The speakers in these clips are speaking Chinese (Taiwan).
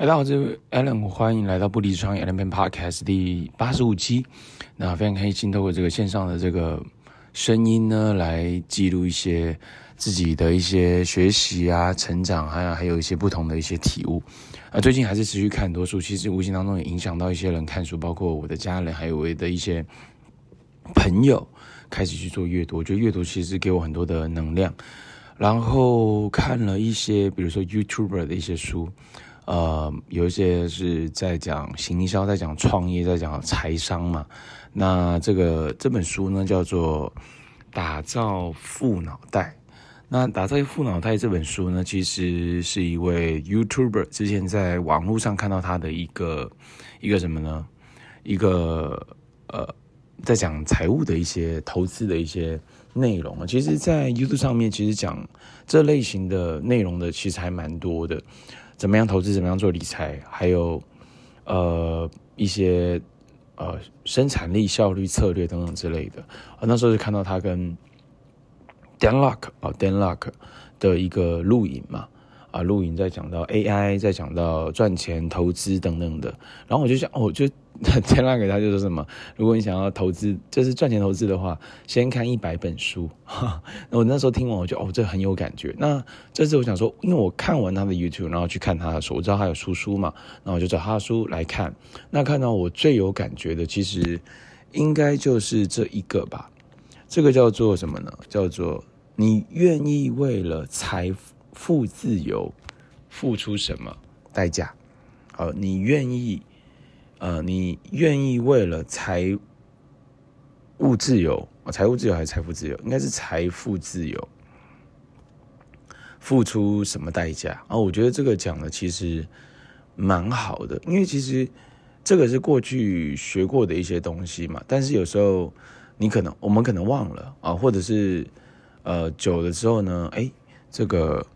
大家好，這位 Allen，歡迎來到不離職創業 Allen Peng Podcast 第八十五期。那非常開心，透過這個線上的這個聲音呢，來記錄一些自己的一些學習啊、成長，啊，還有一些不同的一些體悟。啊、呃，最近還是持續看很多書，其實無形當中也影響到一些人看書，包括我的家人，還有我的一些朋友開始去做閱讀。我覺得閱讀其實給我很多的能量。然後看了一些，比如說 YouTuber 的一些書。呃，有一些是在講行銷，在講創業，在講財商嘛。那這個這本書呢，叫做《打造富腦袋》。那《打造富腦袋》這本書呢，其實是一位 YouTuber 之前在網絡上看到他的一個一個什麼呢？一個呃，在講財務的一些投資的一些內容。其實在 YouTube 上面，其實講這類型的內容的，其實還蠻多的。怎麼樣投資？怎麼樣做理財？還有，呃，一些呃生產力、效率策略等等之類的。呃、那時候就看到他跟 Dan Lok 啊、哦、Dan Lok 的一個錄影嘛。啊，錄影在講到 AI，在講到賺錢、投資等等的，然後我就想，哦、我就 tele 給他就說什麼，如果你想要投資，就是賺錢投資的話，先看一百本書。哈，那我那時候聽完，我就哦，這很有感覺。那這次我想說，因為我看完他的 YouTube，然後去看他的書，我知道他有書書嘛，那我就找他的書來看。那看到我最有感覺的，其實應該就是這一個吧。這個叫做什麼呢？叫做你願意為了財富，富自由付出什麼代價，呃？你願意？呃，你願意為了財物自由？財務自由還是財富自由？應該是財富自由。付出什麼代價？啊、呃，我覺得這個講的其實蠻好的，因為其實這個是過去學過的一些東西嘛。但是有時候你可能我們可能忘了啊、呃，或者是呃久了之後呢，哎，這個。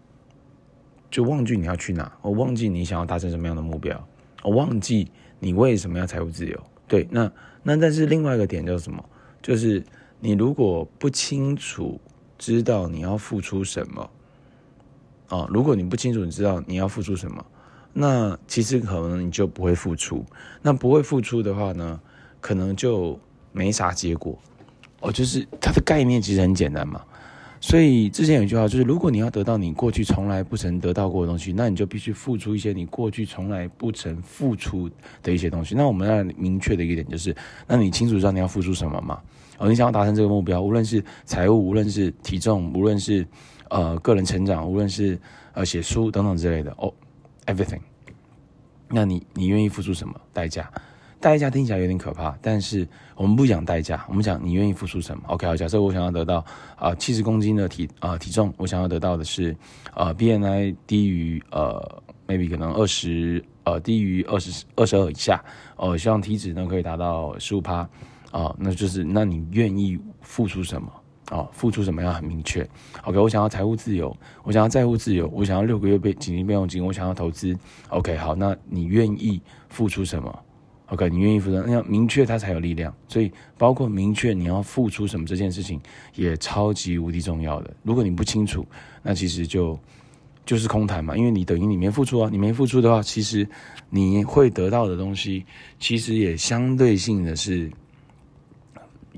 就忘記你要去哪，我、哦、忘記你想要達成什麼樣的目標，我、哦、忘記你為什麼要財務自由。對，那那但是另外一個點就是什麼？就是你如果不清楚知道你要付出什麼，啊、哦，如果你不清楚你知道你要付出什麼，那其實可能你就不會付出。那不會付出的話呢，可能就沒啥結果。哦，就是它的概念其實很簡單嘛。所以之前有一句話就是，如果你要得到你過去從來不曾得到過的東西，那你就必須付出一些你過去從來不曾付出的一些東西。那我們要明確的一點就是，那你清楚知道你要付出什麼嗎？哦，你想要達成這個目標，無論是財務，無論是體重，無論是呃個人成長，無論是呃寫書等等之類的哦，everything。那你你願意付出什麼代價？代價聽起來有點可怕，但是我們不講代價，我們講你願意付出什麼？OK，好，假設我想要得到啊七十公斤的體啊、呃、體重，我想要得到的是啊、呃、BMI 低於呃 maybe 可能二十呃低於二十二十二以下，呃希望體脂呢可以達到十五趴啊，那就是那你願意付出什麼？啊、呃，付出什麼樣很明確？OK，我想要財務自由，我想要債務自由，我想要六個月備緊急備用金，我想要投資。OK，好，那你願意付出什麼？OK，你願意付出，你要明確，他才有力量。所以，包括明確你要付出什麼這件事情，也超級無敵重要的。如果你不清楚，那其實就就是空談嘛，因為你等於你沒付出啊。你沒付出的話，其實你會得到的東西，其實也相對性的是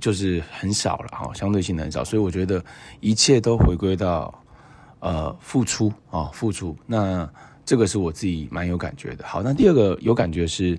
就是很少了哈。相對性的很少，所以我覺得一切都回歸到呃付出啊，付出。那這個是我自己蠻有感覺的。好，那第二個有感覺是。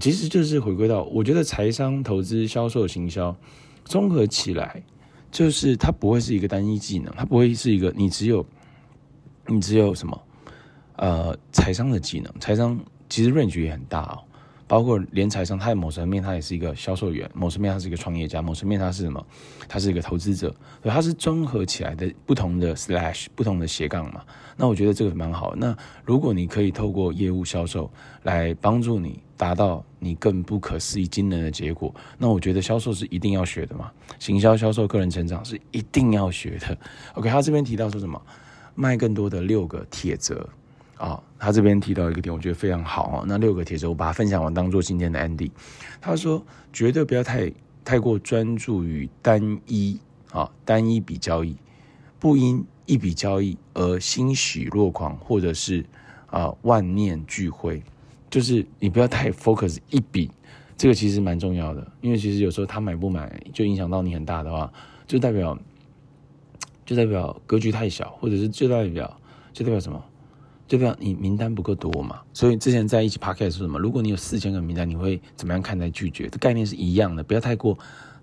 其實就是回歸到，我覺得財商、投資、銷售、行銷綜合起來，就是它不會是一個單一技能，它不會是一個你只有你只有什麼呃財商的技能，財商其實 range 也很大哦。包括聯財商，他在某層面他也是一個銷售員，某層面他是一個創業家，某層面他是什麼？他是一個投資者，所以他是綜合起來的不同的 slash 不同的斜槓嘛。那我覺得這個蠻好。那如果你可以透過業務銷售來幫助你達到你更不可思議驚人的結果，那我覺得銷售是一定要學的嘛。行銷、銷售、個人成長是一定要學的。OK，他這邊提到說什麼？賣更多的六個鐵則。啊、哦，他這邊提到一個點，我覺得非常好哦。那六個鐵則我把它分享完，當做今天的 Andy。他說，絕對不要太太過專注於單一啊、哦、單一筆交易，不因一筆交易而欣喜若狂，或者是啊、呃、萬念俱灰。就是你不要太 focus 一筆，這個其實蠻重要的，因為其實有時候他買不買就影響到你很大的話，就代表就代表格局太小，或者是就代表就代表什麼？就比如你名單不夠多嘛，所以之前在一起 podcast 說什麼？如果你有四千個名單，你會怎麼樣看待拒絕的概念是一樣的，不要太過，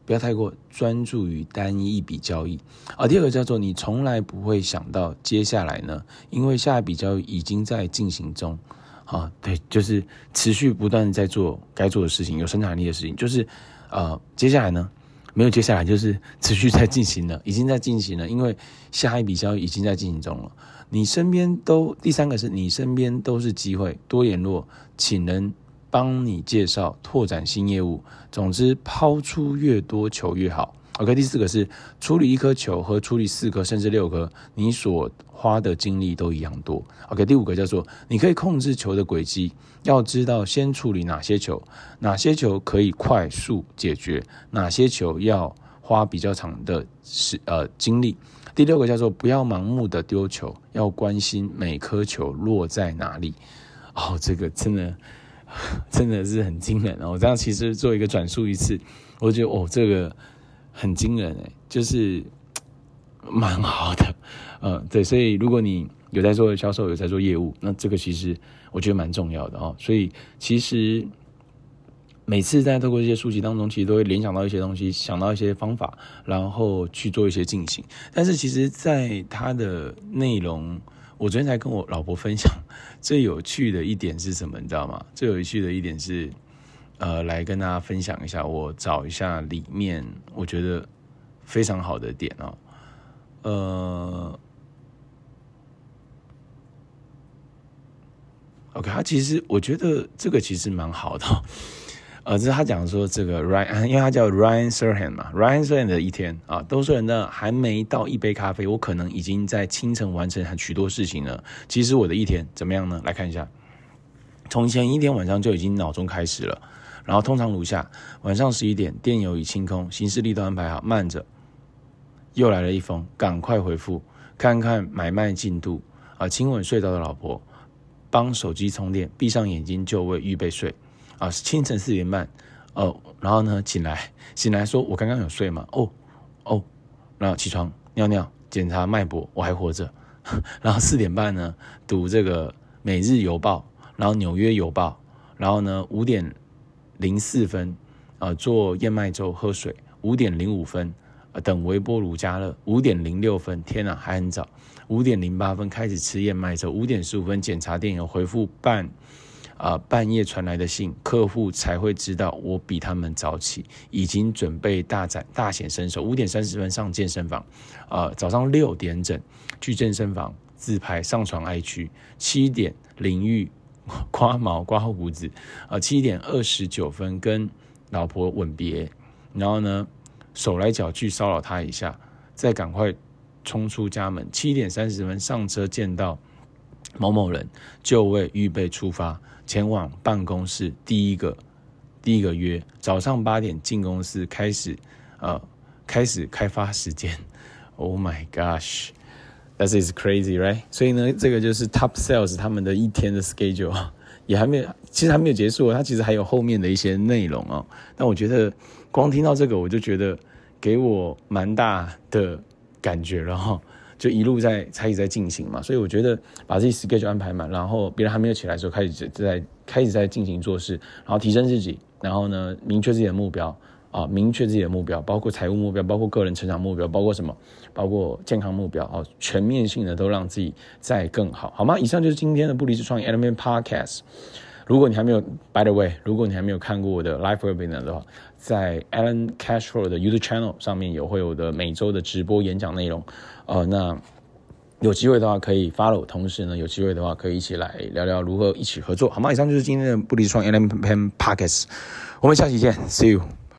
不要太過專注於單一一筆交易。啊，第二個叫做你從來不會想到接下來呢，因為下一筆交易已經在進行中。啊，對，就是持續不斷的在做該做的事情，有生產力的事情，就是，呃，接下來呢？沒有，接下來就是持續在進行了，已經在進行了，因為下一筆交易已經在進行中了。你身邊都，第三個是，你身邊都是機會，多聯絡，請人幫你介紹，拓展新業務。總之，拋出越多，求越好。OK，第四個是處理一顆球和處理四顆甚至六顆，你所花的精力都一樣多。OK，第五個叫做你可以控制球的軌跡，要知道先處理哪些球，哪些球可以快速解決，哪些球要花比較長的時呃精力。第六個叫做不要盲目的丟球，要關心每顆球落在哪裡。哦，這個真的真的是很驚人哦！我這樣其實做一個轉述一次，我覺得哦這個。很驚人欸，就是蠻好的，呃，對，所以如果你有在做銷售，有在做業務，那這個其實我覺得蠻重要的哦。所以其實每次在透過這些書籍當中，其實都會聯想到一些東西，想到一些方法，然後去做一些進行。但是其實，在他的內容，我昨天才跟我老婆分享，最有趣的一點是什麼？你知道嗎？最有趣的一點是。呃，來跟大家分享一下，我找一下裡面我覺得非常好的點哦。呃，OK，他其實我覺得這個其實蠻好的。呃，這是他講說這個 Ryan，因為他叫 Ryan Serhant 嘛，Ryan Serhant 的一天啊，都說人呢，還沒倒一杯咖啡，我可能已經在清晨完成許多事情了。其實我的一天怎麼樣呢？來看一下，從前一天晚上就已經腦中開始了。然後通常如下：晚上十一點，電郵已清空，行事曆都安排好。慢着，又來了一封，趕快回復，看看買賣進度。啊，親吻睡着的老婆，幫手機充電，閉上眼睛就位預備睡。啊，清晨四點半，哦，然後呢，醒來，醒來說我剛剛有睡嗎？哦，哦，然後起床尿尿，檢查脈搏，我還活着。然後四點半呢，讀這個《每日郵報》，然後《紐約郵報》，然後呢，五點零四分，啊、呃，做燕麥粥，喝水。五點零五分，啊、呃，等微波爐加熱。五點零六分，天啊，還很早。五點零八分開始吃燕麥粥。五點十五分檢查電郵，回復半，啊、呃，半夜傳來的信，客戶才會知道我比他們早起，已經準備大展大顯身手。五點三十分上健身房，啊、呃，早上六點整去健身房自拍上傳 IG。七點淋浴。刮毛、刮鬍子，呃，七點二十九分跟老婆吻別，然後呢，手來腳去騷擾她一下，再趕快衝出家門。七點三十分上車，見到某某人就位，預備出發，前往辦公室。第一個第一個約，早上八點進公司，開始呃，開始開發時間。Oh my gosh！That is crazy, right? 所以呢，這個就是 top sales 他們的一天的 schedule，也還沒有，其實還沒有結束，它他其實還有後面的一些內容啊。但我覺得光聽到這個，我就覺得給我蠻大的感覺，然後就一路在才一直在進行嘛，所以我覺得把自己 schedule 安排滿，然後別人還沒有起來的時候，開始在開始在進行做事，然後提升自己，然後呢，明確自己的目標。啊，明確自己的目標，包括財務目標，包括個人成長目標，包括什麼，包括健康目標、啊、全面性的都讓自己再更好，好嗎？以上就是今天的不離職創業 Element Podcast。如果你還沒有，By the way，如果你還沒有看過我的 Live Webinar 的話，在 Allen Cashflow 的 YouTube Channel 上面有會有我的每周的直播演講內容。呃，那有機會的話可以 follow，同時呢，有機會的話可以一起來聊聊如何一起合作，好嗎？以上就是今天的不離職創業 Element Podcast，我們下期見，See you。